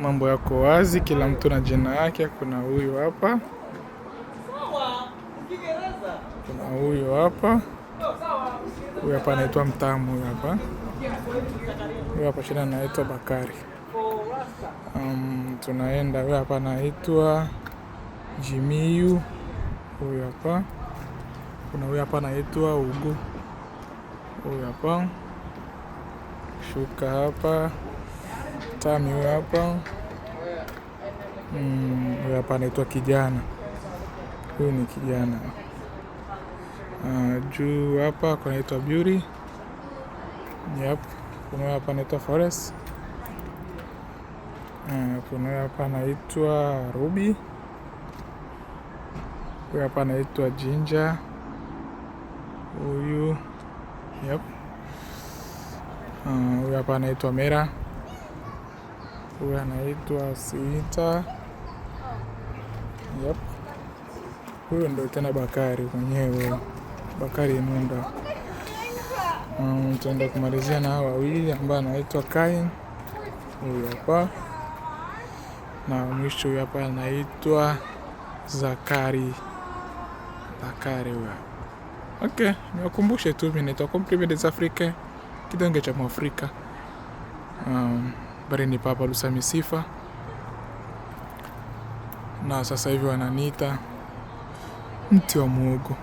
Mambo yako wazi, kila mtu na jina yake. Kuna huyu hapa, kuna huyu hapa, huyu hapa anaitwa Mtamu, huyu hapa, huyu hapa chini anaitwa Bakari. Um, tunaenda, huyu hapa anaitwa Jimiyu, huyu hapa, kuna huyu hapa anaitwa Ugu, huyu hapa, shuka hapa Tami huyo hapa mm, huyo hapa anaitwa kijana, huyu ni kijana. Uh, juu hapa kunaitwa Beauty. Yep. Kuna hapa anaitwa Forest. Uh, kuna hapa anaitwa Ruby. Huyu hapa anaitwa Ginger. Huyu yep. Uh, huyu hapa anaitwa Mera. Huyu anaitwa Sita. Yep. Huyu ndo tena Bakari mwenyewe, Bakari Munda. Um, mm, tutaenda kumalizia na hawa wawili ambaye anaitwa Kain, huyu hapa, na mwisho huyu hapa anaitwa Zakari. Zakari huyu. Okay, niwakumbushe tu, mimi naitwa Compliment Africa, kidonge cha Mwafrika. Um, bari ni Papa Lusami Sifa, na sasa hivi wananiita mti wa muogo.